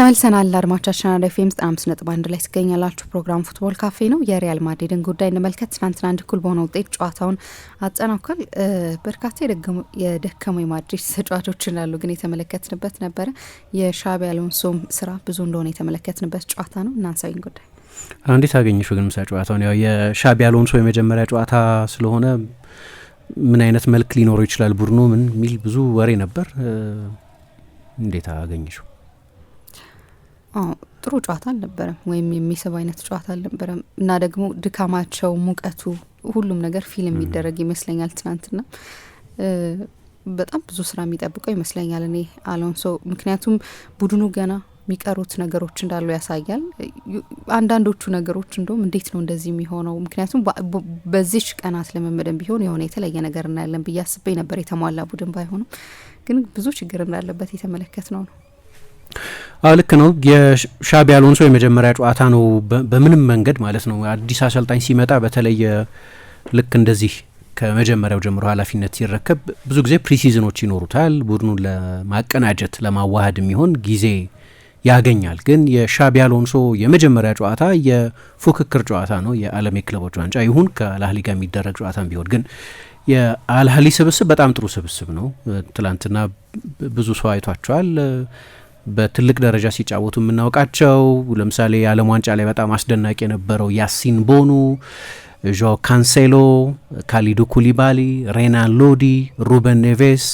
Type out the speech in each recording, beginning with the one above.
ተመልሰናል። አድማቻችን አራዳ ኤፍ ኤም ዘጠና አምስት ነጥብ አንድ ላይ ትገኛላችሁ። ፕሮግራም ፉትቦል ካፌ ነው። የሪያል ማድሪድን ጉዳይ እንመልከት። ትናንትና አንድ እኩል በሆነ ውጤት ጨዋታውን አጠናቋል። በርካታ የደከሙ የማድሪድ ተጫዋቾች እንዳሉ ግን የተመለከትንበት ነበረ። የሻቢ አሎንሶም ስራ ብዙ እንደሆነ የተመለከትንበት ጨዋታ ነው። እናንሳዊን ጉዳይ እንዴት አገኘሽው ግን ምሳ ጨዋታውን? ያው የሻቢ አሎንሶ የመጀመሪያ ጨዋታ ስለሆነ ምን አይነት መልክ ሊኖረው ይችላል ቡድኑ ምን የሚል ብዙ ወሬ ነበር። እንዴት አገኘሽው? ጥሩ ጨዋታ አልነበረም፣ ወይም የሚስብ አይነት ጨዋታ አልነበረም እና ደግሞ ድካማቸው፣ ሙቀቱ፣ ሁሉም ነገር ፊል የሚደረግ ይመስለኛል። ትናንትና በጣም ብዙ ስራ የሚጠብቀው ይመስለኛል እኔ አሎንሶ፣ ምክንያቱም ቡድኑ ገና የሚቀሩት ነገሮች እንዳሉ ያሳያል። አንዳንዶቹ ነገሮች እንደውም እንዴት ነው እንደዚህ የሚሆነው? ምክንያቱም በዚች ቀናት ለመመደን ቢሆን የሆነ የተለየ ነገር እናያለን ብዬ አስቤ ነበር። የተሟላ ቡድን ባይሆንም ግን ብዙ ችግር እንዳለበት የተመለከት ነው ነው ልክ ነው። የሻቢ አሎንሶ የመጀመሪያ ጨዋታ ነው በምንም መንገድ ማለት ነው። አዲስ አሰልጣኝ ሲመጣ በተለየ ልክ እንደዚህ ከመጀመሪያው ጀምሮ ኃላፊነት ሲረከብ ብዙ ጊዜ ፕሪሲዝኖች ይኖሩታል። ቡድኑን ለማቀናጀት ለማዋሃድ የሚሆን ጊዜ ያገኛል። ግን የሻቢ አሎንሶ የመጀመሪያ ጨዋታ የፉክክር ጨዋታ ነው። የዓለም የክለቦች ዋንጫ ይሁን ከአልአህሊ ጋር የሚደረግ ጨዋታ ቢሆን ግን የአልአህሊ ስብስብ በጣም ጥሩ ስብስብ ነው። ትላንትና ብዙ ሰው አይቷቸዋል። በትልቅ ደረጃ ሲጫወቱ የምናውቃቸው ለምሳሌ የዓለም ዋንጫ ላይ በጣም አስደናቂ የነበረው ያሲን ቦኑ፣ ዦ ካንሴሎ፣ ካሊዱ ኩሊባሊ፣ ሬናን ሎዲ፣ ሩበን ኔቬስ፣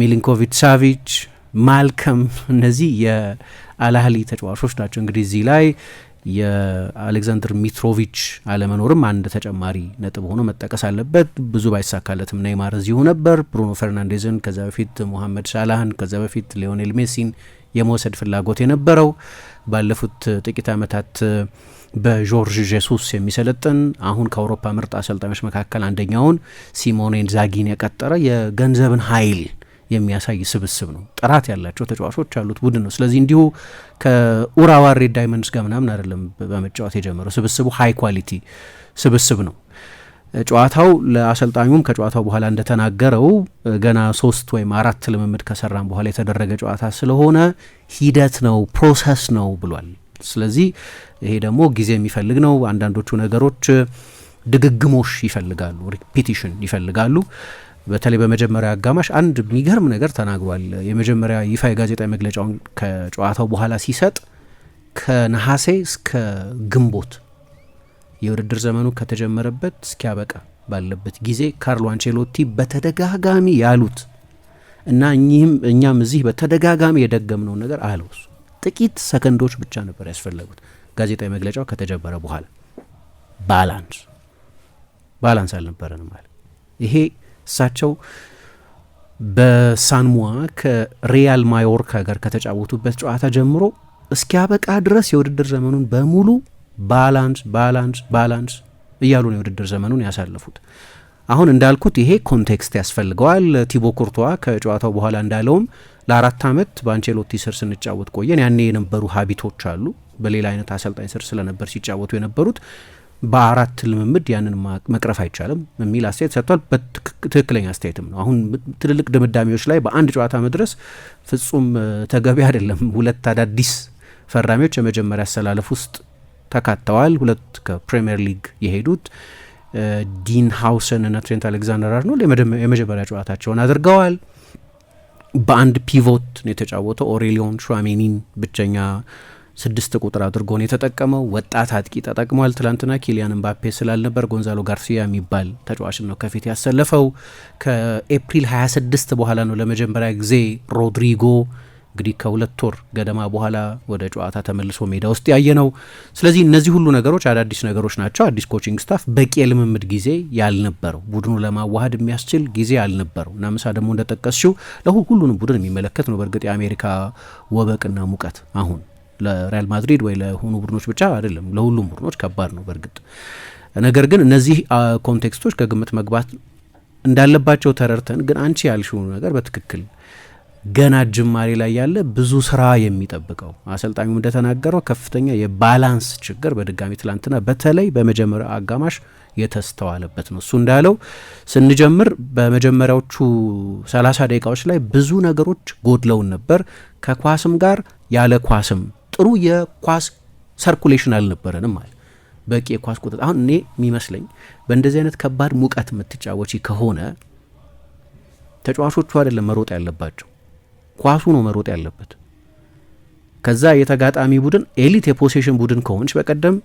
ሚሊንኮቪች ሳቪች፣ ማልከም እነዚህ የአልአህሊ ተጫዋቾች ናቸው። እንግዲህ እዚህ ላይ የአሌክዛንድር ሚትሮቪች አለመኖርም አንድ ተጨማሪ ነጥብ ሆኖ መጠቀስ አለበት። ብዙ ባይሳካለትም ኔይማር እዚሁ ነበር። ብሩኖ ፈርናንዴዝን፣ ከዚያ በፊት ሞሐመድ ሳላህን፣ ከዚያ በፊት ሊዮኔል ሜሲን የመውሰድ ፍላጎት የነበረው ባለፉት ጥቂት ዓመታት በጆርጅ ጄሱስ የሚሰለጥን አሁን ከአውሮፓ ምርጥ አሰልጣኞች መካከል አንደኛውን ሲሞኔ ኢንዛጊን የቀጠረ የገንዘብን ኃይል የሚያሳይ ስብስብ ነው። ጥራት ያላቸው ተጫዋቾች ያሉት ቡድን ነው። ስለዚህ እንዲሁ ከኡራዋ ሬድ ዳይመንድስ ጋር ምናምን አይደለም በመጫወት የጀመረው ስብስቡ ሃይ ኳሊቲ ስብስብ ነው። ጨዋታው ለአሰልጣኙም ከጨዋታው በኋላ እንደተናገረው ገና ሶስት ወይም አራት ልምምድ ከሰራን በኋላ የተደረገ ጨዋታ ስለሆነ ሂደት ነው፣ ፕሮሰስ ነው ብሏል። ስለዚህ ይሄ ደግሞ ጊዜ የሚፈልግ ነው። አንዳንዶቹ ነገሮች ድግግሞሽ ይፈልጋሉ፣ ሪፒቲሽን ይፈልጋሉ። በተለይ በመጀመሪያ አጋማሽ አንድ የሚገርም ነገር ተናግሯል። የመጀመሪያ ይፋ የጋዜጣ መግለጫውን ከጨዋታው በኋላ ሲሰጥ ከነሐሴ እስከ ግንቦት የውድድር ዘመኑ ከተጀመረበት እስኪያበቃ ባለበት ጊዜ ካርሎ አንቼሎቲ በተደጋጋሚ ያሉት እና እኚህም እኛም እዚህ በተደጋጋሚ የደገምነውን ነገር አለው። ጥቂት ሰከንዶች ብቻ ነበር ያስፈለጉት ጋዜጣዊ መግለጫው ከተጀመረ በኋላ። ባላንስ ባላንስ አልነበረንም አለ። ይሄ እሳቸው በሳንሙዋ ከሪያል ማዮርካ ጋር ከተጫወቱበት ጨዋታ ጀምሮ እስኪያበቃ ድረስ የውድድር ዘመኑን በሙሉ ባላንስ ባላንስ ባላንስ እያሉ ነው የውድድር ዘመኑን ያሳለፉት። አሁን እንዳልኩት ይሄ ኮንቴክስት ያስፈልገዋል። ቲቦ ኩርቷ ከጨዋታው በኋላ እንዳለውም ለአራት ዓመት በአንቸሎቲ ስር ስንጫወት ቆየን፣ ያኔ የነበሩ ሀቢቶች አሉ። በሌላ አይነት አሰልጣኝ ስር ስለነበር ሲጫወቱ የነበሩት በአራት ልምምድ ያንን መቅረፍ አይቻልም የሚል አስተያየት ሰጥቷል። በትክክለኛ አስተያየትም ነው። አሁን ትልልቅ ድምዳሜዎች ላይ በአንድ ጨዋታ መድረስ ፍጹም ተገቢ አይደለም። ሁለት አዳዲስ ፈራሚዎች የመጀመሪያ አሰላለፍ ውስጥ ተካተዋል። ሁለት ከፕሪምየር ሊግ የሄዱት ዲን ሀውሰን እና ትሬንት አሌክዛንደር አርኖልድ የመጀመሪያ ጨዋታቸውን አድርገዋል። በአንድ ፒቮት ነው የተጫወተው። ኦሬሊዮን ሹአሜኒን ብቸኛ ስድስት ቁጥር አድርጎ ነው የተጠቀመው። ወጣት አጥቂ ተጠቅሟል። ትላንትና ኪሊያን እምባፔ ስላልነበር ጎንዛሎ ጋርሲያ የሚባል ተጫዋች ነው ከፊት ያሰለፈው። ከኤፕሪል 26 በኋላ ነው ለመጀመሪያ ጊዜ ሮድሪጎ እንግዲህ ከሁለት ወር ገደማ በኋላ ወደ ጨዋታ ተመልሶ ሜዳ ውስጥ ያየ ነው። ስለዚህ እነዚህ ሁሉ ነገሮች አዳዲስ ነገሮች ናቸው። አዲስ ኮቺንግ ስታፍ በቂ የልምምድ ጊዜ ያልነበረው ቡድኑ ለማዋሃድ የሚያስችል ጊዜ ያልነበረው እና ምሳ ደግሞ እንደጠቀስሽው ለሁሉንም ቡድን የሚመለከት ነው። በእርግጥ የአሜሪካ ወበቅና ሙቀት አሁን ለሪያል ማድሪድ ወይ ለሆኑ ቡድኖች ብቻ አይደለም፣ ለሁሉም ቡድኖች ከባድ ነው በእርግጥ ነገር ግን እነዚህ ኮንቴክስቶች ከግምት መግባት እንዳለባቸው ተረድተን ግን አንቺ ያልሽው ነገር በትክክል ገና ጅማሬ ላይ ያለ ብዙ ስራ የሚጠብቀው አሰልጣኙ እንደተናገረው ከፍተኛ የባላንስ ችግር በድጋሚ ትላንትና በተለይ በመጀመሪያው አጋማሽ የተስተዋለበት ነው። እሱ እንዳለው ስንጀምር በመጀመሪያዎቹ 30 ደቂቃዎች ላይ ብዙ ነገሮች ጎድለውን ነበር። ከኳስም ጋር ያለ ኳስም ጥሩ የኳስ ሰርኩሌሽን አልነበረንም ማለት በቂ የኳስ ቁጥጥ አሁን እኔ የሚመስለኝ በእንደዚህ አይነት ከባድ ሙቀት የምትጫወች ከሆነ ተጫዋቾቹ አይደለም መሮጥ ያለባቸው ኳሱ ነው መሮጥ ያለበት። ከዛ የተጋጣሚ ቡድን ኤሊት የፖሴሽን ቡድን ከሆንች በቀደም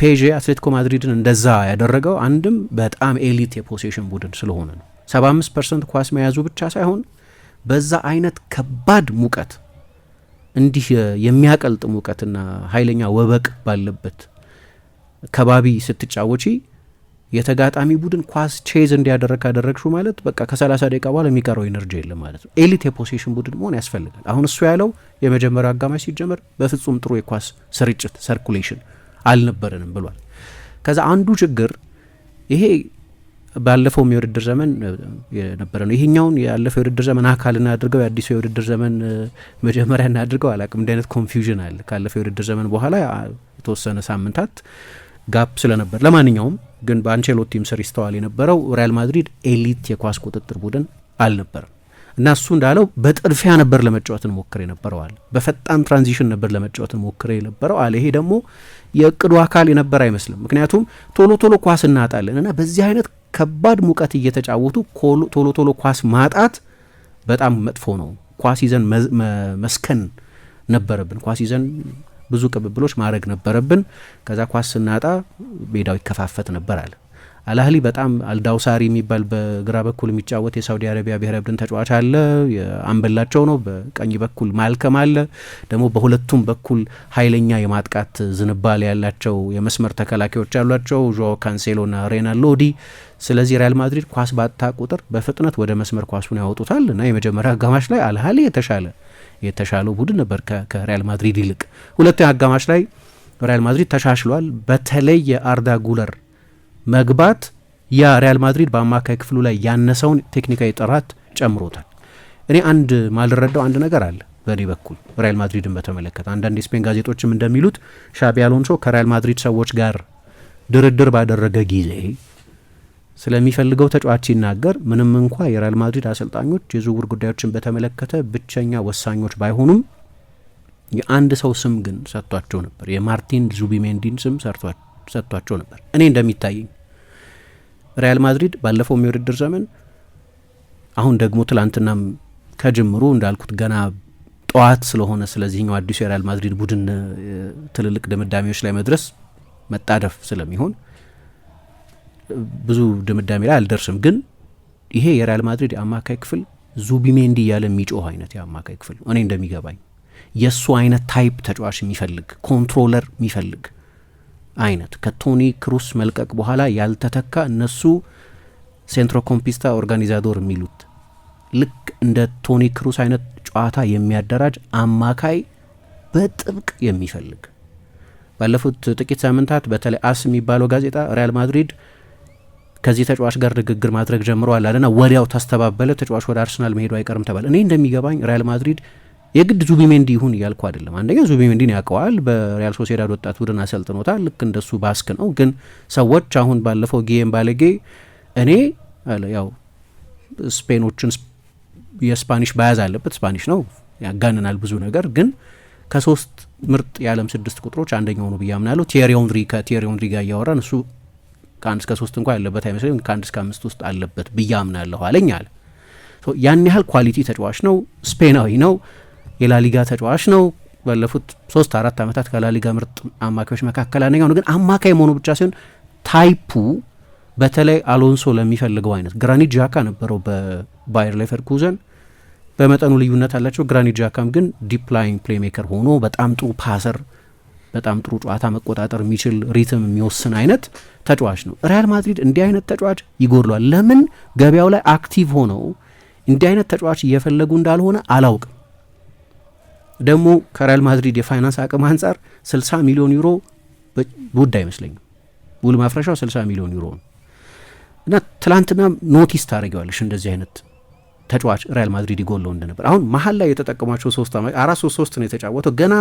ፔዥ አትሌቲኮ ማድሪድን እንደዛ ያደረገው አንድም በጣም ኤሊት የፖሴሽን ቡድን ስለሆነ ነው። 75 ፐርሰንት ኳስ መያዙ ብቻ ሳይሆን በዛ አይነት ከባድ ሙቀት እንዲህ የሚያቀልጥ ሙቀትና ኃይለኛ ወበቅ ባለበት ከባቢ ስትጫወቺ የተጋጣሚ ቡድን ኳስ ቼዝ እንዲያደረግ ካደረግሹ ማለት በቃ ከ30 ደቂቃ በኋላ የሚቀረው ኤነርጂ የለም ማለት ነው። ኤሊት የፖሴሽን ቡድን መሆን ያስፈልጋል። አሁን እሱ ያለው የመጀመሪያው አጋማሽ ሲጀመር በፍጹም ጥሩ የኳስ ስርጭት ሰርኩሌሽን አልነበረንም ብሏል። ከዛ አንዱ ችግር ይሄ ባለፈው የውድድር ዘመን የነበረ ነው። ይሄኛውን ያለፈው የውድድር ዘመን አካል እናድርገው የአዲሱ የውድድር ዘመን መጀመሪያ እናድርገው አላቅም። እንዲህ አይነት ኮንፊውዥን አለ። ካለፈው የውድድር ዘመን በኋላ የተወሰነ ሳምንታት ጋፕ ስለነበር ለማንኛውም ግን በአንቸሎቲም ስር ይስተዋል የነበረው ሪያል ማድሪድ ኤሊት የኳስ ቁጥጥር ቡድን አልነበርም እና እሱ እንዳለው በጥድፊያ ነበር ለመጫወት እንሞክር የነበረው አለ። በፈጣን ትራንዚሽን ነበር ለመጫወት እንሞክር የነበረው አለ። ይሄ ደግሞ የእቅዱ አካል የነበር አይመስልም። ምክንያቱም ቶሎ ቶሎ ኳስ እናጣለን እና በዚህ አይነት ከባድ ሙቀት እየተጫወቱ ቶሎ ቶሎ ኳስ ማጣት በጣም መጥፎ ነው። ኳስ ይዘን መስከን ነበረብን። ኳስ ይዘን ብዙ ቅብብሎች ማድረግ ነበረብን። ከዛ ኳስ ስናጣ ሜዳው ይከፋፈት ነበር አለ አልአህሊ። በጣም አልዳውሳሪ የሚባል በግራ በኩል የሚጫወት የሳውዲ አረቢያ ብሔራዊ ቡድን ተጫዋች አለ፣ አንበላቸው ነው። በቀኝ በኩል ማልከም አለ። ደግሞ በሁለቱም በኩል ኃይለኛ የማጥቃት ዝንባሌ ያላቸው የመስመር ተከላካዮች ያሏቸው ዦ ካንሴሎና ሬና ሎዲ ስለዚህ ሪያል ማድሪድ ኳስ ባጣ ቁጥር በፍጥነት ወደ መስመር ኳሱን ያወጡታል እና የመጀመሪያ አጋማሽ ላይ አልአህሊ የተሻለ የተሻለው ቡድን ነበር ከሪያል ማድሪድ ይልቅ። ሁለተኛ አጋማሽ ላይ ሪያል ማድሪድ ተሻሽሏል። በተለይ የአርዳ ጉለር መግባት ያ ሪያል ማድሪድ በአማካይ ክፍሉ ላይ ያነሰውን ቴክኒካዊ ጥራት ጨምሮታል። እኔ አንድ ማልረዳው አንድ ነገር አለ በእኔ በኩል ሪያል ማድሪድን በተመለከተ አንዳንድ የስፔን ጋዜጦችም እንደሚሉት ሻቢ አሎንሶ ከሪያል ማድሪድ ሰዎች ጋር ድርድር ባደረገ ጊዜ ስለሚፈልገው ተጫዋች ሲናገር ምንም እንኳ የሪያል ማድሪድ አሰልጣኞች የዝውውር ጉዳዮችን በተመለከተ ብቸኛ ወሳኞች ባይሆኑም የአንድ ሰው ስም ግን ሰጥቷቸው ነበር። የማርቲን ዙቢሜንዲን ስም ሰጥቷቸው ነበር። እኔ እንደሚታየኝ ሪያል ማድሪድ ባለፈው የውድድር ዘመን አሁን ደግሞ ትላንትናም ከጅምሩ እንዳልኩት ገና ጠዋት ስለሆነ ስለዚህኛው አዲሱ የሪያል ማድሪድ ቡድን ትልልቅ ድምዳሜዎች ላይ መድረስ መጣደፍ ስለሚሆን ብዙ ድምዳሜ ላይ አልደርስም፣ ግን ይሄ የሪያል ማድሪድ የአማካይ ክፍል ዙቢሜንዲ እያለ የሚጮህ አይነት የአማካይ ክፍል እኔ እንደሚገባኝ የእሱ አይነት ታይፕ ተጫዋች የሚፈልግ ኮንትሮለር የሚፈልግ አይነት ከቶኒ ክሩስ መልቀቅ በኋላ ያልተተካ እነሱ ሴንትሮ ኮምፒስታ ኦርጋኒዛዶር የሚሉት ልክ እንደ ቶኒ ክሩስ አይነት ጨዋታ የሚያደራጅ አማካይ በጥብቅ የሚፈልግ ባለፉት ጥቂት ሳምንታት በተለይ አስ የሚባለው ጋዜጣ ሪያል ማድሪድ ከዚህ ተጫዋች ጋር ንግግር ማድረግ ጀምረዋል አለና ወዲያው ታስተባበለ። ተጫዋች ወደ አርሰናል መሄዱ አይቀርም ተባለ። እኔ እንደሚገባኝ ሪያል ማድሪድ የግድ ዙቢሜንዲ ይሁን እያልኩ አይደለም። አንደኛ ዙቢሜንዲን ያውቀዋል፣ በሪያል ሶሴዳድ ወጣት ቡድን አሰልጥኖታል። ልክ እንደሱ ባስክ ነው። ግን ሰዎች አሁን ባለፈው ጊዜም ባለጌ እኔ ያው ስፔኖችን የስፓኒሽ ባያዝ አለበት ስፓኒሽ ነው ያጋንናል ብዙ ነገር ግን ከሶስት ምርጥ የዓለም ስድስት ቁጥሮች አንደኛው ነው ብዬ አምናለሁ። ቲየሪ ኦንሪ ኦንሪ ጋር እያወራን እሱ ከአንድ እስከ ሶስት እንኳ ያለበት አይመስለኝ ከአንድ እስከ አምስት ውስጥ አለበት ብዬ አምናለሁ አለኝ አለ። ያን ያህል ኳሊቲ ተጫዋች ነው። ስፔናዊ ነው። የላሊጋ ተጫዋች ነው። ባለፉት ሶስት አራት ዓመታት ከላሊጋ ምርጥ አማካዮች መካከል አንደኛው ነው። ግን አማካይ መሆኑ ብቻ ሲሆን ታይፑ በተለይ አሎንሶ ለሚፈልገው አይነት ግራኒት ጃካ ነበረው በባየር ሌቨርኩዘን በመጠኑ ልዩነት አላቸው። ግራኒት ጃካም ግን ዲፕ ላይንግ ፕሌሜከር ሆኖ በጣም ጥሩ ፓሰር በጣም ጥሩ ጨዋታ መቆጣጠር የሚችል ሪትም የሚወስን አይነት ተጫዋች ነው። ሪያል ማድሪድ እንዲህ አይነት ተጫዋች ይጎድሏል። ለምን ገበያው ላይ አክቲቭ ሆነው እንዲህ አይነት ተጫዋች እየፈለጉ እንዳልሆነ አላውቅም። ደግሞ ከሪያል ማድሪድ የፋይናንስ አቅም አንጻር 60 ሚሊዮን ዩሮ ውድ አይመስለኝም። ውል ማፍረሻው 60 ሚሊዮን ዩሮ ነው እና ትላንትና ኖቲስ ታደረጊዋለሽ እንደዚህ አይነት ተጫዋች ሪያል ማድሪድ ይጎለው እንደነበር። አሁን መሀል ላይ የተጠቀሟቸው ሶስት አራት ሶስት ሶስት ነው የተጫወተው ገና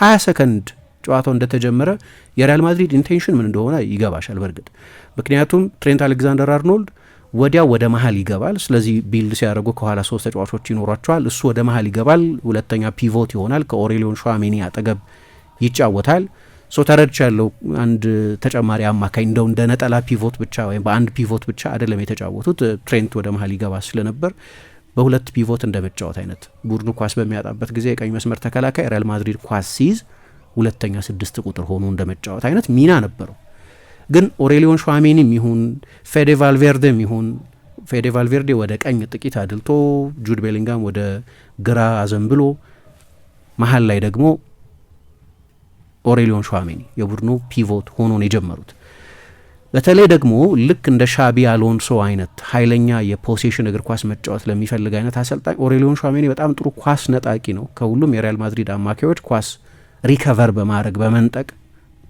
ሀያ ሰከንድ ጨዋታው እንደተጀመረ የሪያል ማድሪድ ኢንቴንሽን ምን እንደሆነ ይገባሻል በእርግጥ ምክንያቱም ትሬንት አሌክዛንደር አርኖልድ ወዲያው ወደ መሀል ይገባል። ስለዚህ ቢልድ ሲያደርጉ ከኋላ ሶስት ተጫዋቾች ይኖሯቸዋል። እሱ ወደ መሀል ይገባል፣ ሁለተኛ ፒቮት ይሆናል። ከኦሬሊዮን ሸሜኒ አጠገብ ይጫወታል። ሶ ተረድቻ ያለው አንድ ተጨማሪ አማካኝ እንደው እንደ ነጠላ ፒቮት ብቻ ወይም በአንድ ፒቮት ብቻ አይደለም የተጫወቱት። ትሬንት ወደ መሀል ይገባ ስለነበር በሁለት ፒቮት እንደ መጫወት አይነት ቡድኑ ኳስ በሚያጣበት ጊዜ የቀኝ መስመር ተከላካይ ሪያል ማድሪድ ኳስ ሲይዝ ሁለተኛ ስድስት ቁጥር ሆኖ እንደ መጫወት አይነት ሚና ነበረው። ግን ኦሬሊዮን ሿሜኒም ይሁን ፌዴ ቫልቬርዴም ይሁን ፌዴ ቫልቬርዴ ወደ ቀኝ ጥቂት አድልቶ ጁድ ቤሊንጋም ወደ ግራ አዘንብሎ መሀል ላይ ደግሞ ኦሬሊዮን ሿሜኒ የቡድኑ ፒቮት ሆኖ ነው የጀመሩት። በተለይ ደግሞ ልክ እንደ ሻቢ አሎንሶ አይነት ኃይለኛ የፖሴሽን እግር ኳስ መጫወት ለሚፈልግ አይነት አሰልጣኝ ኦሬሊዮን ሸሜኒ በጣም ጥሩ ኳስ ነጣቂ ነው። ከሁሉም የሪያል ማድሪድ አማካዮች ኳስ ሪከቨር በማድረግ በመንጠቅ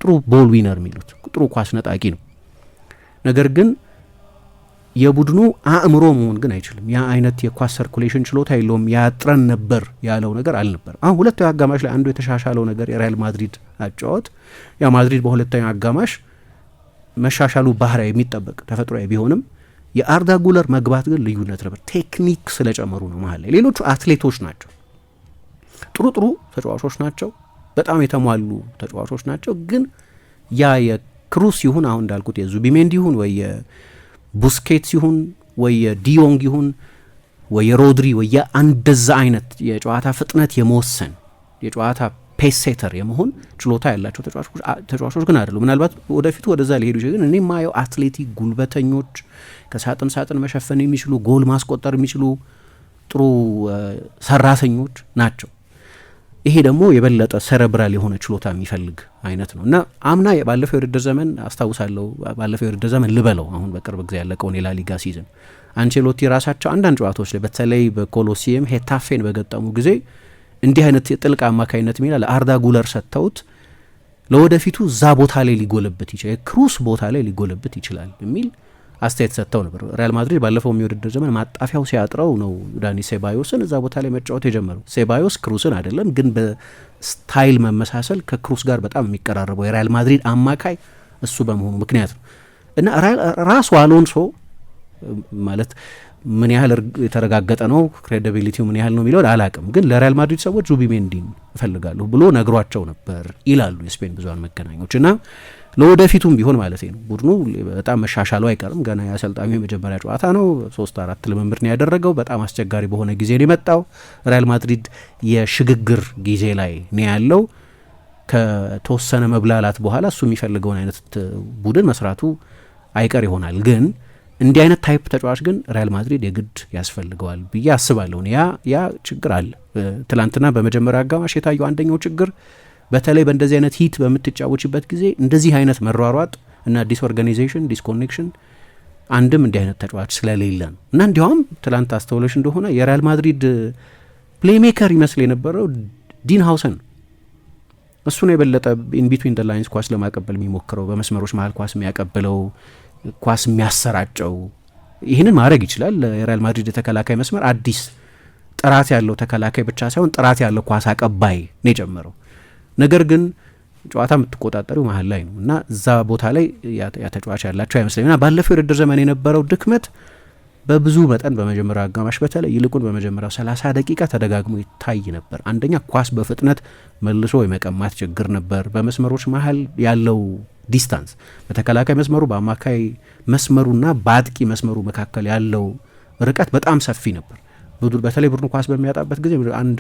ጥሩ ቦል ዊነር የሚሉት ጥሩ ኳስ ነጣቂ ነው። ነገር ግን የቡድኑ አእምሮ መሆን ግን አይችልም። ያ አይነት የኳስ ሰርኩሌሽን ችሎታ የለውም። ያጥረን ነበር ያለው ነገር አልነበር። አሁን ሁለተኛው አጋማሽ ላይ አንዱ የተሻሻለው ነገር የሪያል ማድሪድ አጫወት ያ ማድሪድ በሁለተኛው አጋማሽ መሻሻሉ ባህሪያ የሚጠበቅ ተፈጥሯዊ ቢሆንም የአርዳ ጉለር መግባት ግን ልዩነት ነበር። ቴክኒክ ስለጨመሩ ነው። መሀል ላይ ሌሎቹ አትሌቶች ናቸው፣ ጥሩ ጥሩ ተጫዋቾች ናቸው። በጣም የተሟሉ ተጫዋቾች ናቸው። ግን ያ የክሩስ ይሁን አሁን እንዳልኩት የዙቢሜንድ ይሁን ወይ የቡስኬት ሲሁን ወይ የዲዮንግ ይሁን ወይ የሮድሪ ወይ የአንደዛ አይነት የጨዋታ ፍጥነት የመወሰን የጨዋታ ፔሴተር የመሆን ችሎታ ያላቸው ተጫዋቾች ግን አይደሉ። ምናልባት ወደፊቱ ወደዛ ሊሄዱ ይችላል። ግን እኔ ማየው አትሌቲክ ጉልበተኞች፣ ከሳጥን ሳጥን መሸፈን የሚችሉ፣ ጎል ማስቆጠር የሚችሉ ጥሩ ሰራተኞች ናቸው። ይሄ ደግሞ የበለጠ ሰረብራል የሆነ ችሎታ የሚፈልግ አይነት ነው እና አምና ባለፈው የውድድር ዘመን አስታውሳለሁ፣ ባለፈው የውድድር ዘመን ልበለው አሁን በቅርብ ጊዜ ያለቀውን የላሊጋ ሲዝን አንቸሎቲ ራሳቸው አንዳንድ ጨዋታዎች ላይ በተለይ በኮሎሲየም ሄታፌን በገጠሙ ጊዜ እንዲህ አይነት የጥልቅ አማካኝነት ሚና ለአርዳ ጉለር ሰጥተውት ለወደፊቱ እዛ ቦታ ላይ ሊጎለበት ይችላል፣ የክሩስ ቦታ ላይ ሊጎለበት ይችላል የሚል አስተያየት ሰጥተው ነበር። ሪያል ማድሪድ ባለፈው የሚውድድር ዘመን ማጣፊያው ሲያጥረው ነው ዳኒ ሴባዮስን እዛ ቦታ ላይ መጫወት የጀመረው። ሴባዮስ ክሩስን አይደለም፣ ግን በስታይል መመሳሰል ከክሩስ ጋር በጣም የሚቀራረበው የሪያል ማድሪድ አማካይ እሱ በመሆኑ ምክንያት ነው እና ራሱ አሎንሶ ማለት ምን ያህል የተረጋገጠ ነው ክሬዲቢሊቲው ምን ያህል ነው የሚለውን አላቅም፣ ግን ለሪያል ማድሪድ ሰዎች ዙቢሜንዲን እፈልጋለሁ ብሎ ነግሯቸው ነበር ይላሉ የስፔን ብዙሃን መገናኞች እና ለወደፊቱም ቢሆን ማለት ነው ቡድኑ በጣም መሻሻሉ አይቀርም። ገና የአሰልጣኙ የመጀመሪያ ጨዋታ ነው። ሶስት አራት ልምምድ ነው ያደረገው። በጣም አስቸጋሪ በሆነ ጊዜ ነው የመጣው። ሪያል ማድሪድ የሽግግር ጊዜ ላይ ነው ያለው። ከተወሰነ መብላላት በኋላ እሱ የሚፈልገውን አይነት ቡድን መስራቱ አይቀር ይሆናል። ግን እንዲህ አይነት ታይፕ ተጫዋች ግን ሪያል ማድሪድ የግድ ያስፈልገዋል ብዬ አስባለሁ። ያ ያ ችግር አለ። ትላንትና በመጀመሪያ አጋማሽ የታየው አንደኛው ችግር በተለይ በእንደዚህ አይነት ሂት በምትጫወችበት ጊዜ እንደዚህ አይነት መሯሯጥ እና ዲስኦርጋኒዜሽን፣ ዲስኮኔክሽን አንድም እንዲህ አይነት ተጫዋች ስለሌለ ነው እና እንዲያውም ትላንት አስተውለሽ እንደሆነ የሪያል ማድሪድ ፕሌሜከር ይመስል የነበረው ዲን ሀውሰን እሱ ነው የበለጠ ኢንቢትዊን ደ ላይንስ ኳስ ለማቀበል የሚሞክረው በመስመሮች መሀል ኳስ የሚያቀብለው ኳስ የሚያሰራጨው ይህንን ማድረግ ይችላል። የሪያል ማድሪድ የተከላካይ መስመር አዲስ ጥራት ያለው ተከላካይ ብቻ ሳይሆን ጥራት ያለው ኳስ አቀባይ ነው የጨመረው። ነገር ግን ጨዋታ የምትቆጣጠሪው መሀል ላይ ነው እና እዛ ቦታ ላይ ያተጫዋች ተጫዋች ያላቸው አይመስለኝ እና ባለፈው የውድድር ዘመን የነበረው ድክመት በብዙ መጠን በመጀመሪያው አጋማሽ በተለይ ይልቁን በመጀመሪያው 30 ደቂቃ ተደጋግሞ ይታይ ነበር። አንደኛ ኳስ በፍጥነት መልሶ የመቀማት ችግር ነበር። በመስመሮች መሀል ያለው ዲስታንስ በተከላካይ መስመሩ በአማካይ መስመሩና በአጥቂ መስመሩ መካከል ያለው ርቀት በጣም ሰፊ ነበር። በተለይ ቡድኑ ኳስ በሚያጣበት ጊዜ አንድ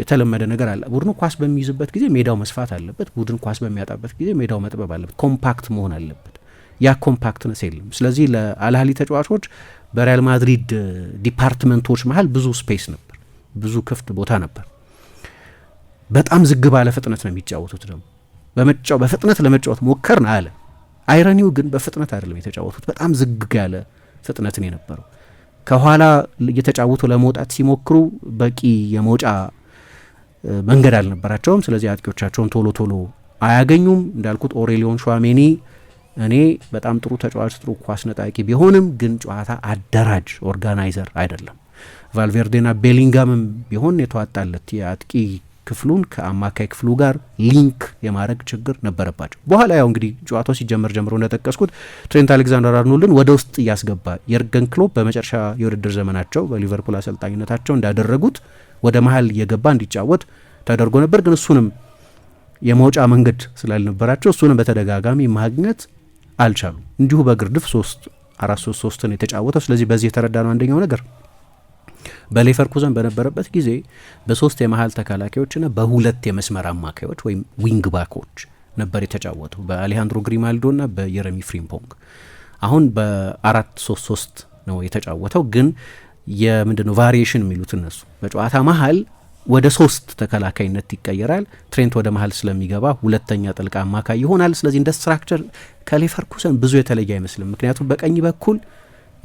የተለመደ ነገር አለ። ቡድኑ ኳስ በሚይዝበት ጊዜ ሜዳው መስፋት አለበት። ቡድን ኳስ በሚያጣበት ጊዜ ሜዳው መጥበብ አለበት። ኮምፓክት መሆን አለበት። ያ ኮምፓክትነስ የለም። ስለዚህ ለአልሃሊ ተጫዋቾች በሪያል ማድሪድ ዲፓርትመንቶች መሀል ብዙ ስፔስ ነበር፣ ብዙ ክፍት ቦታ ነበር። በጣም ዝግ ባለ ፍጥነት ነው የሚጫወቱት። ደግሞ በመጫው በፍጥነት ለመጫወት ሞከርን አለ። አይረኒው ግን በፍጥነት አይደለም የተጫወቱት፣ በጣም ዝግ ያለ ፍጥነትን የነበረው ከኋላ እየተጫወቱ ለመውጣት ሲሞክሩ በቂ የመውጫ መንገድ አልነበራቸውም። ስለዚህ አጥቂዎቻቸውን ቶሎ ቶሎ አያገኙም። እንዳልኩት ኦሬሊዮን ሸዋሜኒ እኔ በጣም ጥሩ ተጫዋች ጥሩ ኳስ ነጣቂ ቢሆንም ግን ጨዋታ አደራጅ ኦርጋናይዘር አይደለም። ቫልቬርዴና ቤሊንጋምም ቢሆን የተዋጣለት የአጥቂ ክፍሉን ከአማካይ ክፍሉ ጋር ሊንክ የማድረግ ችግር ነበረባቸው። በኋላ ያው እንግዲህ ጨዋታው ሲጀመር ጀምሮ እንደጠቀስኩት ትሬንት አሌክዛንደር አርኖልድን ወደ ውስጥ እያስገባ የርገን ክሎፕ በመጨረሻ የውድድር ዘመናቸው በሊቨርፑል አሰልጣኝነታቸው እንዳደረጉት ወደ መሀል እየገባ እንዲጫወት ተደርጎ ነበር። ግን እሱንም የመውጫ መንገድ ስላልነበራቸው እሱንም በተደጋጋሚ ማግኘት አልቻሉም። እንዲሁ በግርድፍ ሶስት አራት ሶስት ሶስትን የተጫወተው። ስለዚህ በዚህ የተረዳ ነው አንደኛው ነገር በሌቨርኩዘን በነበረበት ጊዜ በሶስት የመሀል ተከላካዮችና በሁለት የመስመር አማካዮች ወይም ዊንግ ባኮች ነበር የተጫወቱ በአሌሃንድሮ ግሪማልዶና በየረሚ ፍሪምፖንግ። አሁን በአራት ሶስት ሶስት ነው የተጫወተው። ግን የምንድን ነው ቫሪዬሽን የሚሉት እነሱ በጨዋታ መሀል ወደ ሶስት ተከላካይነት ይቀየራል። ትሬንት ወደ መሀል ስለሚገባ ሁለተኛ ጥልቅ አማካይ ይሆናል። ስለዚህ እንደ ስትራክቸር ከሌቨርኩሰን ብዙ የተለየ አይመስልም። ምክንያቱም በቀኝ በኩል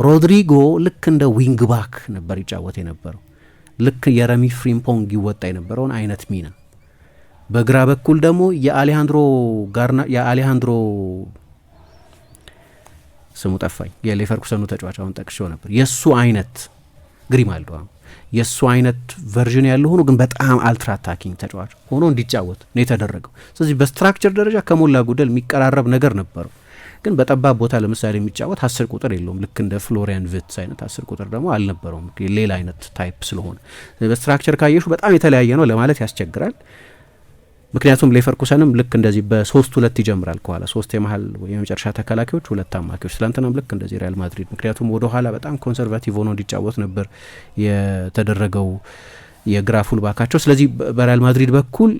ሮድሪጎ ልክ እንደ ዊንግ ባክ ነበር ይጫወት የነበረው። ልክ የረሚ ፍሪምፖንግ ይወጣ የነበረውን አይነት ሚና በግራ በኩል ደግሞ የአሌሃንድሮ ጋርና የአሌሃንድሮ ስሙ ጠፋኝ፣ የሌቨርኩሰኑ ተጫዋች አሁን ጠቅሼው ነበር። የእሱ አይነት ግሪማልዶ የእሱ አይነት ቨርዥን ያለ ሆኖ ግን በጣም አልትራ አታኪንግ ተጫዋች ሆኖ እንዲጫወት ነው የተደረገው። ስለዚህ በስትራክቸር ደረጃ ከሞላ ጎደል የሚቀራረብ ነገር ነበረው። ግን በጠባብ ቦታ ለምሳሌ የሚጫወት አስር ቁጥር የለውም። ልክ እንደ ፍሎሪያን ቪትስ አይነት አስር ቁጥር ደግሞ አልነበረውም። ሌላ አይነት ታይፕ ስለሆነ በስትራክቸር ካየሹ በጣም የተለያየ ነው ለማለት ያስቸግራል። ምክንያቱም ሌቨርኩሰንም ልክ እንደዚህ በሶስት ሁለት ይጀምራል። ከኋላ ሶስት የመሀል የመጨረሻ ተከላካዮች፣ ሁለት አማካዮች። ትላንትናም ልክ እንደዚህ ሪያል ማድሪድ ምክንያቱም ወደ ኋላ በጣም ኮንሰርቫቲቭ ሆኖ እንዲጫወት ነበር የተደረገው የግራ ፉልባካቸው። ስለዚህ በሪያል ማድሪድ በኩል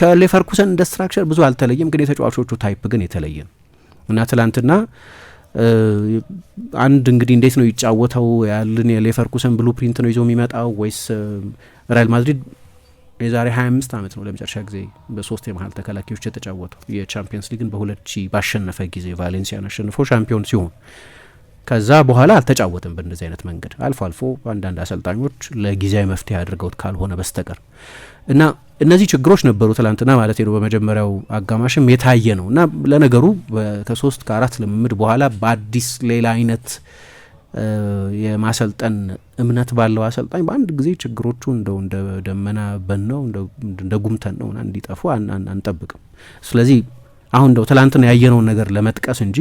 ከሌቨርኩሰን እንደ ስትራክቸር ብዙ አልተለየም፣ ግን የተጫዋቾቹ ታይፕ ግን የተለየ ነው። እና ትላንትና አንድ እንግዲህ እንዴት ነው ይጫወተው ያልን የሌቨርኩሰን ብሉፕሪንት ነው ይዞ የሚመጣው ወይስ ሪያል ማድሪድ የዛሬ 25 ዓመት ነው ለመጨረሻ ጊዜ በሶስት የመሀል ተከላካዮች የተጫወቱ የቻምፒየንስ ሊግን በሁለት ሺ ባሸነፈ ጊዜ ቫሌንሲያን አሸንፎ ሻምፒዮን ሲሆን ከዛ በኋላ አልተጫወትም በእንደዚህ አይነት መንገድ አልፎ አልፎ አንዳንድ አሰልጣኞች ለጊዜያዊ መፍትሄ አድርገውት ካልሆነ በስተቀር እና እነዚህ ችግሮች ነበሩ። ትላንትና ማለት ሄዶ በመጀመሪያው አጋማሽም የታየ ነው እና ለነገሩ ከሶስት ከአራት ልምምድ በኋላ በአዲስ ሌላ አይነት የማሰልጠን እምነት ባለው አሰልጣኝ በአንድ ጊዜ ችግሮቹ እንደው እንደ ደመና በነው እንደ ጉምተን ነው እንዲጠፉ አንጠብቅም። ስለዚህ አሁን እንደው ትላንትና ያየነውን ነገር ለመጥቀስ እንጂ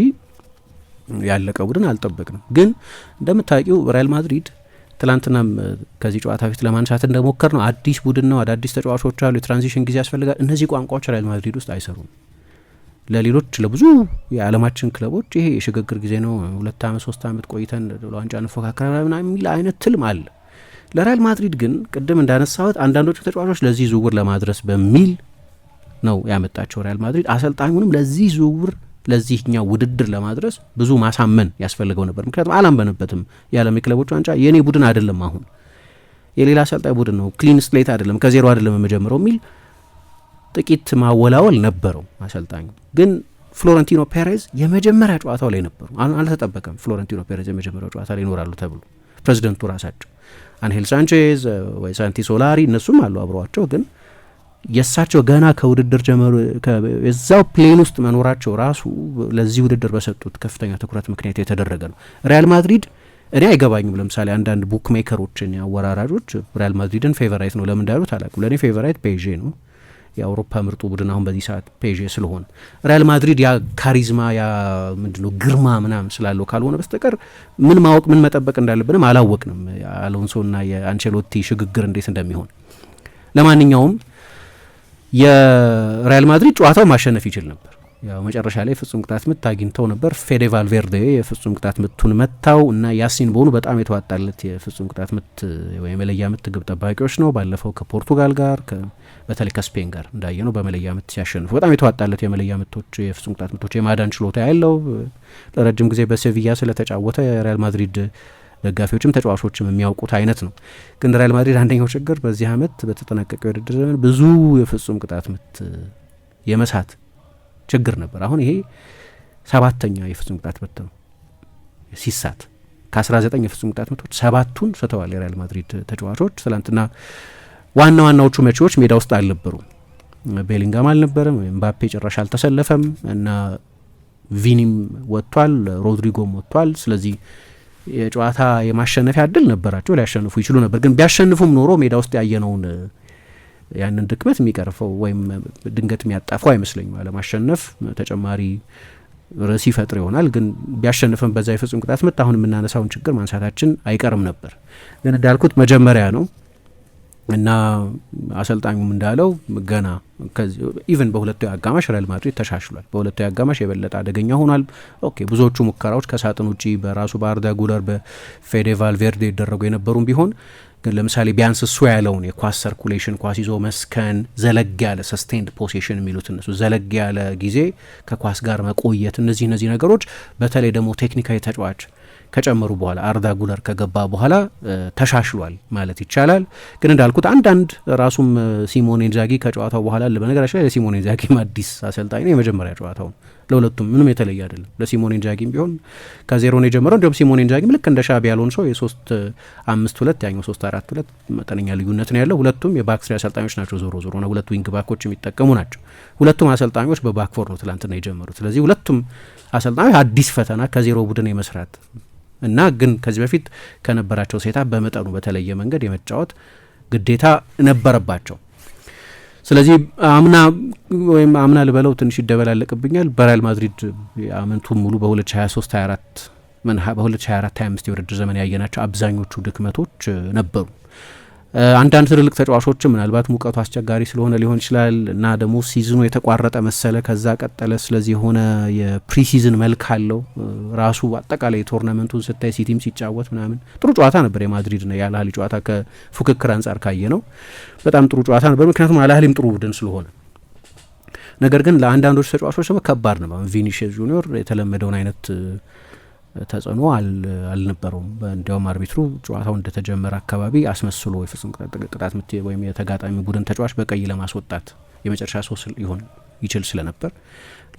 ያለቀ ቡድን አልጠበቅንም። ግን እንደምታውቂው ሪያል ማድሪድ ትላንትናም ከዚህ ጨዋታ ፊት ለማንሳት እንደሞከር ነው አዲስ ቡድን ነው፣ አዳዲስ ተጫዋቾች አሉ፣ የትራንዚሽን ጊዜ ያስፈልጋል። እነዚህ ቋንቋዎች ሪያል ማድሪድ ውስጥ አይሰሩም። ለሌሎች ለብዙ የዓለማችን ክለቦች ይሄ የሽግግር ጊዜ ነው፣ ሁለት ዓመት ሶስት ዓመት ቆይተን ለዋንጫ እንፎካከራለን የሚል አይነት ትልም አለ። ለሪያል ማድሪድ ግን ቅድም እንዳነሳሁት አንዳንዶቹ ተጫዋቾች ለዚህ ዝውውር ለማድረስ በሚል ነው ያመጣቸው ሪያል ማድሪድ አሰልጣኙንም ለዚህ ዝውውር ለዚህኛው ውድድር ለማድረስ ብዙ ማሳመን ያስፈልገው ነበር። ምክንያቱም አላመነበትም። የዓለም የክለቦች ዋንጫ የእኔ ቡድን አይደለም፣ አሁን የሌላ አሰልጣኝ ቡድን ነው፣ ክሊን ስሌት አይደለም፣ ከዜሮ አይደለም የመጀመረው የሚል ጥቂት ማወላወል ነበረው አሰልጣኙ። ግን ፍሎረንቲኖ ፔሬዝ የመጀመሪያ ጨዋታው ላይ ነበሩ። አልተጠበቀም ፍሎረንቲኖ ፔሬዝ የመጀመሪያው ጨዋታ ላይ ይኖራሉ ተብሎ ፕሬዚደንቱ ራሳቸው አንሄል ሳንቼዝ ወይ ሳንቲ ሶላሪ እነሱም አሉ አብረዋቸው ግን የእሳቸው ገና ከውድድር ጀመሩ የዛው ፕሌን ውስጥ መኖራቸው ራሱ ለዚህ ውድድር በሰጡት ከፍተኛ ትኩረት ምክንያት የተደረገ ነው። ሪያል ማድሪድ እኔ አይገባኝም። ለምሳሌ አንዳንድ ቡክ ሜከሮችን አወራራጆች ሪያል ማድሪድን ፌቨራይት ነው ለምን እንዳሉት አላውቅም። ለእኔ ፌቨራይት ፔዤ ነው። የአውሮፓ ምርጡ ቡድን አሁን በዚህ ሰዓት ፔዤ ስለሆነ ሪያል ማድሪድ ያ ካሪዝማ ያ ምንድነው ግርማ ምናምን ስላለው ካልሆነ በስተቀር ምን ማወቅ ምን መጠበቅ እንዳለብንም አላወቅንም። የአሎንሶና የአንቸሎቲ ሽግግር እንዴት እንደሚሆን ለማንኛውም የሪያል ማድሪድ ጨዋታው ማሸነፍ ይችል ነበር። ያው መጨረሻ ላይ ፍጹም ቅጣት ምት አግኝተው ነበር። ፌዴ ቫልቬርዴ የፍጹም ቅጣት ምቱን መታው እና ያሲን ቦኑ በጣም የተዋጣለት የፍጹም ቅጣት ምት ወይ መለያ ምት ግብ ጠባቂዎች ነው። ባለፈው ከፖርቱጋል ጋር በተለይ ከስፔን ጋር እንዳየ ነው በመለያ ምት ሲያሸንፉ በጣም የተዋጣለት የመለያ ምቶች፣ የፍጹም ቅጣት ምቶች የማዳን ችሎታ ያለው ለረጅም ጊዜ በሴቪያ ስለተጫወተ የሪያል ማድሪድ ደጋፊዎችም ተጫዋቾችም የሚያውቁት አይነት ነው። ግን ሪያል ማድሪድ አንደኛው ችግር በዚህ ዓመት በተጠናቀቀ የውድድር ዘመን ብዙ የፍጹም ቅጣት ምት የመሳት ችግር ነበር። አሁን ይሄ ሰባተኛ የፍጹም ቅጣት ምት ነው ሲሳት ከ19 የፍጹም ቅጣት ምቶች ሰባቱን ስተዋል የሪያል ማድሪድ ተጫዋቾች። ትላንትና ዋና ዋናዎቹ መቺዎች ሜዳ ውስጥ አልነበሩም። ቤሊንጋም አልነበረም፣ ኤምባፔ ጭራሽ አልተሰለፈም እና ቪኒም ወጥቷል፣ ሮድሪጎም ወጥቷል። ስለዚህ የጨዋታ የማሸነፊያ እድል ነበራቸው። ሊያሸንፉ ይችሉ ነበር። ግን ቢያሸንፉም ኖሮ ሜዳ ውስጥ ያየነውን ያንን ድክመት የሚቀርፈው ወይም ድንገት የሚያጣፈው አይመስለኝም። አለማሸነፍ ተጨማሪ ርዕስ ይፈጥር ይሆናል። ግን ቢያሸንፍም በዛ የፍጹም ቅጣት ምት አሁን የምናነሳውን ችግር ማንሳታችን አይቀርም ነበር። ግን እንዳልኩት መጀመሪያ ነው እና አሰልጣኙም እንዳለው ገና ኢቨን በሁለቱ አጋማሽ ሪያል ማድሪድ ተሻሽሏል። በሁለቱ አጋማሽ የበለጠ አደገኛ ሆኗል። ኦኬ ብዙዎቹ ሙከራዎች ከሳጥን ውጪ በራሱ በአርዳ ጉለር በፌዴ ቫልቬርዴ ይደረጉ የነበሩም ቢሆን ግን ለምሳሌ ቢያንስ እሱ ያለውን የኳስ ሰርኩሌሽን ኳስ ይዞ መስከን፣ ዘለግ ያለ ሰስቴንድ ፖሴሽን የሚሉት እነሱ ዘለግ ያለ ጊዜ ከኳስ ጋር መቆየት፣ እነዚህ እነዚህ ነገሮች በተለይ ደግሞ ቴክኒካዊ ተጫዋች ከጨመሩ በኋላ አርዳ ጉነር ከገባ በኋላ ተሻሽሏል ማለት ይቻላል። ግን እንዳልኩት አንዳንድ ራሱም ሲሞኔ ኢንዛጊ ከጨዋታው በኋላ በነገራችን ላይ ለሲሞኔ ኢንዛጊም አዲስ አሰልጣኝ ነው፣ የመጀመሪያ ጨዋታውን ለሁለቱም ምንም የተለየ አይደለም። ለሲሞኔ ኢንዛጊም ቢሆን ከዜሮ ነው የጀመረው። እንዲሁም ሲሞኔ ኢንዛጊም ልክ እንደ ሻቢ ሰው የሶስት አምስት ሁለት ያኛው ሶስት አራት ሁለት መጠነኛ ልዩነት ነው ያለው። ሁለቱም የባክስሪ አሰልጣኞች ናቸው ዞሮ ዞሮ ና ሁለት ዊንግ ባኮች የሚጠቀሙ ናቸው። ሁለቱም አሰልጣኞች በባክፎር ነው ትላንትና የጀመሩት። ስለዚህ ሁለቱም አሰልጣኞች አዲስ ፈተና ከዜሮ ቡድን የመስራት እና ግን ከዚህ በፊት ከነበራቸው ሴታ በመጠኑ በተለየ መንገድ የመጫወት ግዴታ ነበረባቸው። ስለዚህ አምና ወይም አምና ልበለው ትንሽ ይደበላለቅብኛል በሪያል ማድሪድ አመንቱ ሙሉ በ2023 24 በ2024 25 የውድድር ዘመን ያየናቸው አብዛኞቹ ድክመቶች ነበሩ። አንዳንድ ትልልቅ ተጫዋቾች ምናልባት ሙቀቱ አስቸጋሪ ስለሆነ ሊሆን ይችላል እና ደግሞ ሲዝኑ የተቋረጠ መሰለ ከዛ ቀጠለ፣ ስለዚህ የሆነ የፕሪሲዝን መልክ አለው ራሱ። አጠቃላይ የቶርናመንቱን ስታይ ሲቲም ሲጫወት ምናምን ጥሩ ጨዋታ ነበር የማድሪድና የአልህሊ ጨዋታ ከፉክክር አንጻር ካየ ነው በጣም ጥሩ ጨዋታ ነበር፣ ምክንያቱም አልህሊም ጥሩ ቡድን ስለሆነ። ነገር ግን ለአንዳንዶች ተጫዋቾች ደግሞ ከባድ ነው። ቪኒሽስ ጁኒዮር የተለመደውን አይነት ተጽዕኖ አልነበረውም። እንዲያውም አርቢትሩ ጨዋታው እንደተጀመረ አካባቢ አስመስሎ የፍጹም ቅጣት ምት ወይም የተጋጣሚ ቡድን ተጫዋች በቀይ ለማስወጣት የመጨረሻ ሰው ሊሆን ይችል ስለነበር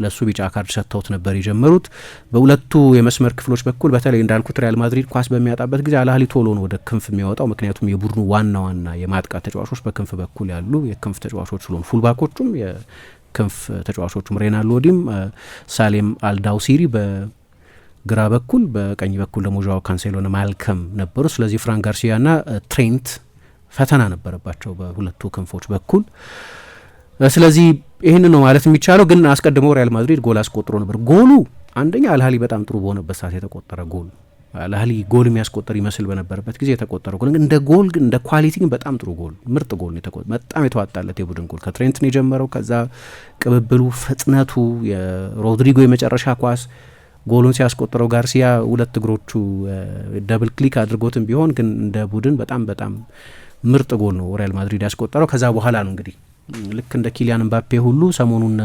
ለእሱ ቢጫ ካርድ ሰጥተውት ነበር የጀመሩት። በሁለቱ የመስመር ክፍሎች በኩል በተለይ እንዳልኩት ሪያል ማድሪድ ኳስ በሚያጣበት ጊዜ አላህሊ ቶሎ ነው ወደ ክንፍ የሚያወጣው። ምክንያቱም የቡድኑ ዋና ዋና የማጥቃት ተጫዋቾች በክንፍ በኩል ያሉ የክንፍ ተጫዋቾች ስለሆኑ ፉልባኮቹም የክንፍ ተጫዋቾቹም ሬናልዶም ሳሌም አልዳውሲሪ ግራ በኩል በቀኝ በኩል ደግሞ ዣዋ ካንሴሎና ማልከም ነበሩ። ስለዚህ ፍራን ና ትሬንት ፈተና ነበረባቸው በሁለቱ ክንፎች በኩል። ስለዚህ ይህን ነው ማለት የሚቻለው። ግን አስቀድሞ ሪያል ማድሪድ ጎል አስቆጥሮ ነበር። ጎሉ አንደኛ አልሀሊ በጣም ጥሩ በሆነበት ሰዓት የተቆጠረ ጎል አልሀሊ ጎል የሚያስቆጠር ይመስል በነበረበት ጊዜ የተቆጠረ ጎል እንደ ጎል ግን እንደ ኳሊቲ ግን በጣም ጥሩ ጎል፣ ምርጥ ጎል ነው። በጣም የተዋጣለት የቡድን ጎል ከትሬንት ነው የጀመረው። ከዛ ቅብብሉ፣ ፍጥነቱ፣ የሮድሪጎ የመጨረሻ ኳስ ጎሉን ሲያስቆጥረው ጋርሲያ ሁለት እግሮቹ ደብል ክሊክ አድርጎትም ቢሆን ግን እንደ ቡድን በጣም በጣም ምርጥ ጎል ነው ሪያል ማድሪድ ያስቆጠረው። ከዛ በኋላ ነው እንግዲህ ልክ እንደ ኪሊያን ምባፔ ሁሉ ሰሞኑን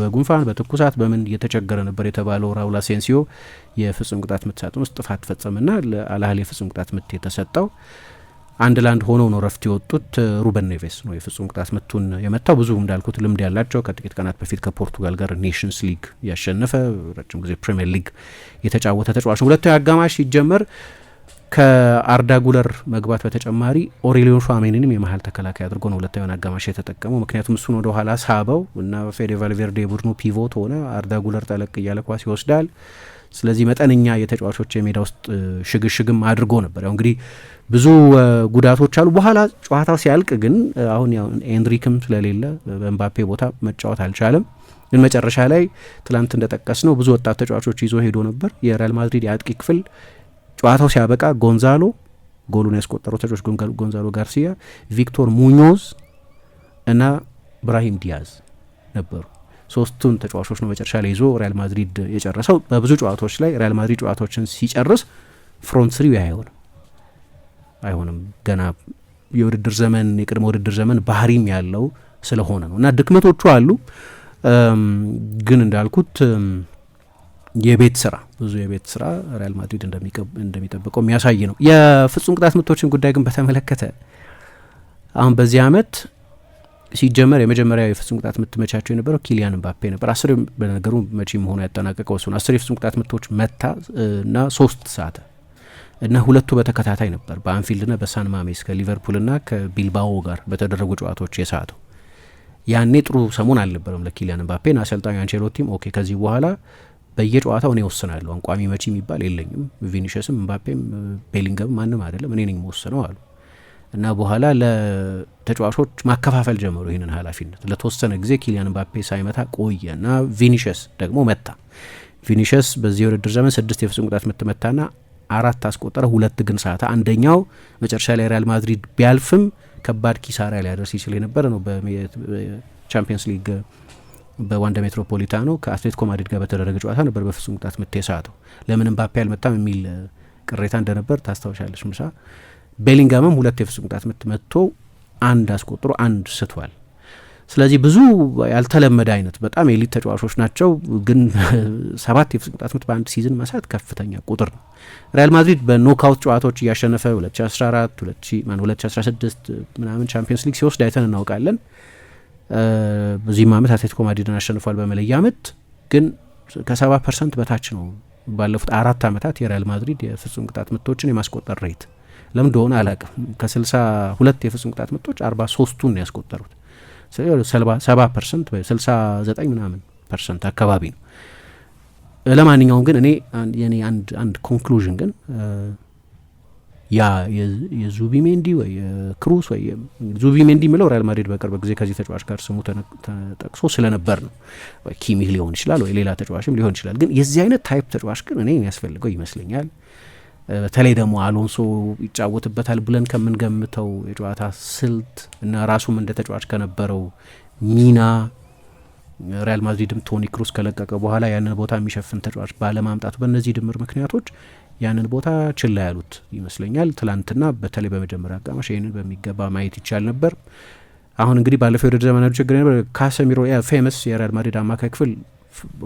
በጉንፋን በትኩሳት በምን እየተቸገረ ነበር የተባለው ራውል አሴንሲዮ የፍጹም ቅጣት ምት ሳጥን ውስጥ ጥፋት ፈጸምና ለአልአህሊ የፍጹም ቅጣት ምት የተሰጠው አንድ ላንድ ሆነው ነው ረፍት የወጡት። ሩበን ኔቬስ ነው የፍጹም ቅጣት ምቱን የመታው። ብዙ እንዳልኩት ልምድ ያላቸው ከጥቂት ቀናት በፊት ከፖርቱጋል ጋር ኔሽንስ ሊግ ያሸነፈ ረጅም ጊዜ ፕሪምየር ሊግ የተጫወተ ተጫዋች ነው። ሁለተኛው አጋማሽ ሲጀመር ከአርዳ ጉለር መግባት በተጨማሪ ኦሬሊዮን ሹአሜኒንም የመሀል ተከላካይ አድርጎ ነው ሁለተኛውን አጋማሽ የተጠቀመው። ምክንያቱም እሱን ወደ ኋላ ሳበው እና ፌዴ ቫልቬርዴ ቡድኑ ፒቮት ሆነ። አርዳ ጉለር ጠለቅ እያለ ኳስ ይወስዳል። ስለዚህ መጠነኛ የተጫዋቾች የሜዳ ውስጥ ሽግሽግም አድርጎ ነበር። ያው እንግዲህ ብዙ ጉዳቶች አሉ። በኋላ ጨዋታው ሲያልቅ ግን አሁን ያው ኤንድሪክም ስለሌለ በኤምባፔ ቦታ መጫወት አልቻለም። ግን መጨረሻ ላይ ትላንት እንደጠቀስ ነው ብዙ ወጣት ተጫዋቾች ይዞ ሄዶ ነበር። የሪያል ማድሪድ የአጥቂ ክፍል ጨዋታው ሲያበቃ ጎንዛሎ ጎሉን ያስቆጠሩ ተጫዋች ጎንዛሎ ጋርሲያ፣ ቪክቶር ሙኞዝ እና ብራሂም ዲያዝ ነበሩ። ሶስቱን ተጫዋቾች ነው መጨረሻ ላይ ይዞ ሪያል ማድሪድ የጨረሰው። በብዙ ጨዋታዎች ላይ ሪያል ማድሪድ ጨዋታዎችን ሲጨርስ ፍሮንት ስሪው አይሆንም አይሆንም ገና የውድድር ዘመን የቅድመ ውድድር ዘመን ባህሪም ያለው ስለሆነ ነው እና ድክመቶቹ አሉ። ግን እንዳልኩት የቤት ስራ ብዙ የቤት ስራ ሪያል ማድሪድ እንደሚጠብቀው የሚያሳይ ነው። የፍጹም ቅጣት ምቶችን ጉዳይ ግን በተመለከተ አሁን በዚህ አመት ሲጀመር የመጀመሪያ የፍጹም ቅጣት የምትመቻቸው የነበረው ኪሊያን ምባፔ ነበር። አስር በነገሩ መቺ መሆኑ ያጠናቀቀው እሱ ነው። አስር የፍጹም ቅጣት ምቶች መታ እና ሶስት ሰዓት እና ሁለቱ በተከታታይ ነበር በአንፊልድ ና በሳን ማሜስ ከሊቨርፑል ና ከቢልባኦ ጋር በተደረጉ ጨዋታዎች የሰዓቱ ያኔ ጥሩ ሰሞን አልነበረም ለኪሊያን ምባፔ ምባፔን። አሰልጣኙ አንቸሎቲም ኦኬ ከዚህ በኋላ በየጨዋታው እኔ ወስናለሁ፣ አንቋሚ መቺ የሚባል የለኝም፣ ቪኒሽስም ምባፔም ቤሊንገም ማንም አይደለም፣ እኔ ነኝ መወስነው አሉ። እና በኋላ ለተጫዋቾች ማከፋፈል ጀመሩ ይህንን ኃላፊነት። ለተወሰነ ጊዜ ኪሊያን ምባፔ ሳይመታ ቆየ እና ቪኒሸስ ደግሞ መታ። ቪኒሸስ በዚህ የውድድር ዘመን ስድስት የፍጹም ቅጣት ምት መታና አራት አስቆጠረ፣ ሁለት ግን ሳተ። አንደኛው መጨረሻ ላይ ሪያል ማድሪድ ቢያልፍም ከባድ ኪሳራ ሊያደርስ ይችል የነበረ ነው። በቻምፒየንስ ሊግ በዋንዳ ሜትሮፖሊታኖ ከአትሌቲኮ ማድሪድ ጋር በተደረገ ጨዋታ ነበር በፍጹም ቅጣት ምት የሳተው። ለምን ምባፔ አልመታም የሚል ቅሬታ እንደነበር ታስታውሻለች ምሳ ቤሊንጋምም ሁለት የፍጹም ቅጣት ምት መጥቶ አንድ አስቆጥሮ አንድ ስቷል። ስለዚህ ብዙ ያልተለመደ አይነት በጣም የሊት ተጫዋቾች ናቸው፣ ግን ሰባት የፍጹም ቅጣት ምት በአንድ ሲዝን መሳት ከፍተኛ ቁጥር ነው። ሪያል ማድሪድ በኖካውት ጨዋታዎች እያሸነፈ 2014 2016 ምናምን ቻምፒየንስ ሊግ ሲወስድ አይተን እናውቃለን። በዚህም አመት አትሌቲኮ ማድሪድን አሸንፏል በመለያ ምት። ግን ከሰባ ፐርሰንት በታች ነው ባለፉት አራት ዓመታት የሪያል ማድሪድ የፍጹም ቅጣት ምቶችን የማስቆጠር ሬት ለምን እንደሆነ አላቅም ከስልሳ ሁለት የፍጹም ቅጣት ምቶች አርባ ሶስቱን ያስቆጠሩት። ሰባ ፐርሰንት ወይ ስልሳ ዘጠኝ ምናምን ፐርሰንት አካባቢ ነው። ለማንኛውም ግን እኔ የኔ አንድ አንድ ኮንክሉዥን ግን ያ የዙቢሜንዲ ወይ የክሩስ ወይ ዙቢሜንዲ የምለው ሪያል ማድሪድ በቅርብ ጊዜ ከዚህ ተጫዋች ጋር ስሙ ተጠቅሶ ስለነበር ነው። ወይ ኪሚህ ሊሆን ይችላል ወይ ሌላ ተጫዋችም ሊሆን ይችላል። ግን የዚህ አይነት ታይፕ ተጫዋች ግን እኔ የሚያስፈልገው ይመስለኛል። በተለይ ደግሞ አሎንሶ ይጫወትበታል ብለን ከምንገምተው የጨዋታ ስልት እና ራሱም እንደ ተጫዋች ከነበረው ሚና ሪያል ማድሪድም ቶኒ ክሩስ ከለቀቀ በኋላ ያንን ቦታ የሚሸፍን ተጫዋች ባለማምጣቱ በእነዚህ ድምር ምክንያቶች ያንን ቦታ ችላ ያሉት ይመስለኛል። ትላንትና በተለይ በመጀመሪያ አጋማሽ ይህንን በሚገባ ማየት ይቻል ነበር። አሁን እንግዲህ ባለፈው የውድድር ዘመናዊ ችግር ነበር ካሰሚሮ ፌመስ የሪያል ማድሪድ አማካይ ክፍል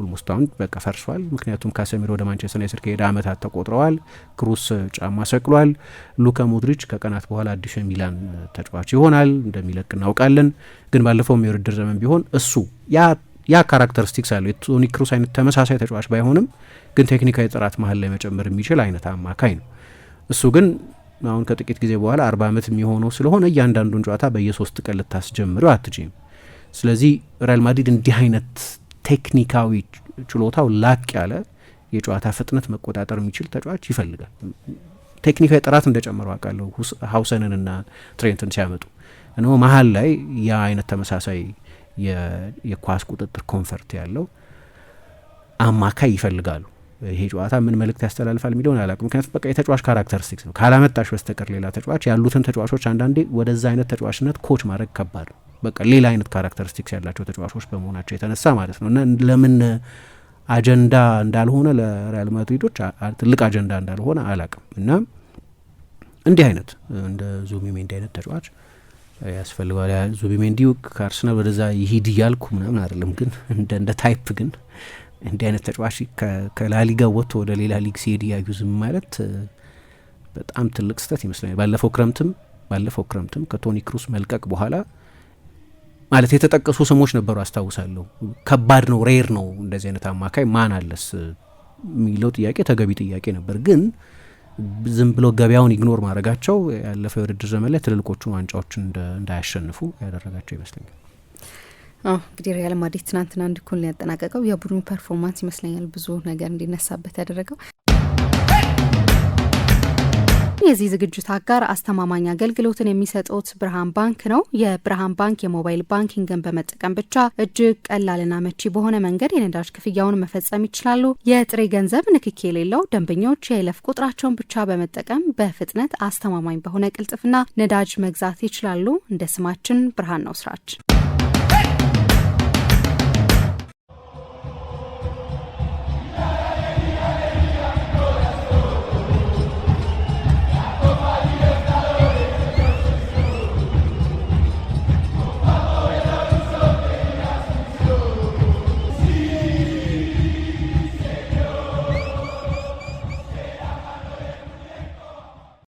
ኦልሞስት አሁን በቃ ፈርሷል። ምክንያቱም ካሰሚሮ ወደ ማንቸስተር ዩናይትድ ከሄደ አመታት ተቆጥረዋል። ክሩስ ጫማ ሰቅሏል። ሉካ ሞድሪች ከቀናት በኋላ አዲሱ የሚላን ተጫዋች ይሆናል እንደሚለቅ እናውቃለን። ግን ባለፈውም የውድድር ዘመን ቢሆን እሱ ያ ያ ካራክተሪስቲክስ አለው የቶኒ ክሩስ አይነት ተመሳሳይ ተጫዋች ባይሆንም ግን ቴክኒካዊ ጥራት መሀል ላይ መጨመር የሚችል አይነት አማካይ ነው። እሱ ግን አሁን ከጥቂት ጊዜ በኋላ አርባ ዓመት የሚሆነው ስለሆነ እያንዳንዱን ጨዋታ በየሶስት ቀን ልታስጀምረው አትችም። ስለዚህ ሪያል ማድሪድ እንዲህ አይነት ቴክኒካዊ ችሎታው ላቅ ያለ የጨዋታ ፍጥነት መቆጣጠር የሚችል ተጫዋች ይፈልጋል። ቴክኒካዊ ጥራት እንደጨመረ አውቃለሁ ሀውሰንንና ትሬንትን ሲያመጡ እነሆ መሀል ላይ ያ አይነት ተመሳሳይ የኳስ ቁጥጥር ኮንፈርት ያለው አማካይ ይፈልጋሉ። ይሄ ጨዋታ ምን መልእክት ያስተላልፋል የሚለውን አላውቅም። ምክንያቱም በቃ የተጫዋች ካራክተሪስቲክስ ነው። ካላመጣሽ በስተቀር ሌላ ተጫዋች ያሉትን ተጫዋቾች አንዳንዴ ወደዛ አይነት ተጫዋችነት ኮች ማድረግ ከባድ ነው። በቃ ሌላ አይነት ካራክተሪስቲክስ ያላቸው ተጫዋቾች በመሆናቸው የተነሳ ማለት ነው እና ለምን አጀንዳ እንዳልሆነ ለሪያል ማድሪዶች ትልቅ አጀንዳ እንዳልሆነ አላውቅም እና እንዲህ አይነት እንደ ዙቢሜንዲ አይነት ተጫዋች ያስፈልገዋል። ዙቢሜንዲ ከአርሰናል ወደዛ ይሂድ እያልኩ ምናምን አይደለም፣ ግን እንደ ታይፕ ግን እንዲህ አይነት ተጫዋች ከላሊጋ ወጥቶ ወደ ሌላ ሊግ ሲሄድ እያዩ ዝም ማለት በጣም ትልቅ ስህተት ይመስለኛል። ባለፈው ክረምትም ባለፈው ክረምትም ከቶኒ ክሩስ መልቀቅ በኋላ ማለት የተጠቀሱ ስሞች ነበሩ አስታውሳለሁ። ከባድ ነው፣ ሬር ነው እንደዚህ አይነት አማካይ ማን አለስ የሚለው ጥያቄ ተገቢ ጥያቄ ነበር። ግን ዝም ብሎ ገበያውን ኢግኖር ማድረጋቸው ያለፈው የውድድር ዘመን ላይ ትልልቆቹን ዋንጫዎችን እንዳያሸንፉ ያደረጋቸው ይመስለኛል። እንግዲህ ሪያል ማድሪድ ትናንትና አንድ እኩል ያጠናቀቀው። የቡድኑ ፐርፎርማንስ ይመስለኛል ብዙ ነገር እንዲነሳበት ያደረገው። የዚህ ዝግጅት አጋር አስተማማኝ አገልግሎትን የሚሰጡት ብርሃን ባንክ ነው። የብርሃን ባንክ የሞባይል ባንኪንግን በመጠቀም ብቻ እጅግ ቀላልና መቺ በሆነ መንገድ የነዳጅ ክፍያውን መፈጸም ይችላሉ። የጥሬ ገንዘብ ንክኪ የሌለው ደንበኞች የይለፍ ቁጥራቸውን ብቻ በመጠቀም በፍጥነት አስተማማኝ በሆነ ቅልጥፍና ነዳጅ መግዛት ይችላሉ። እንደ ስማችን ብርሃን ነው ስራችን።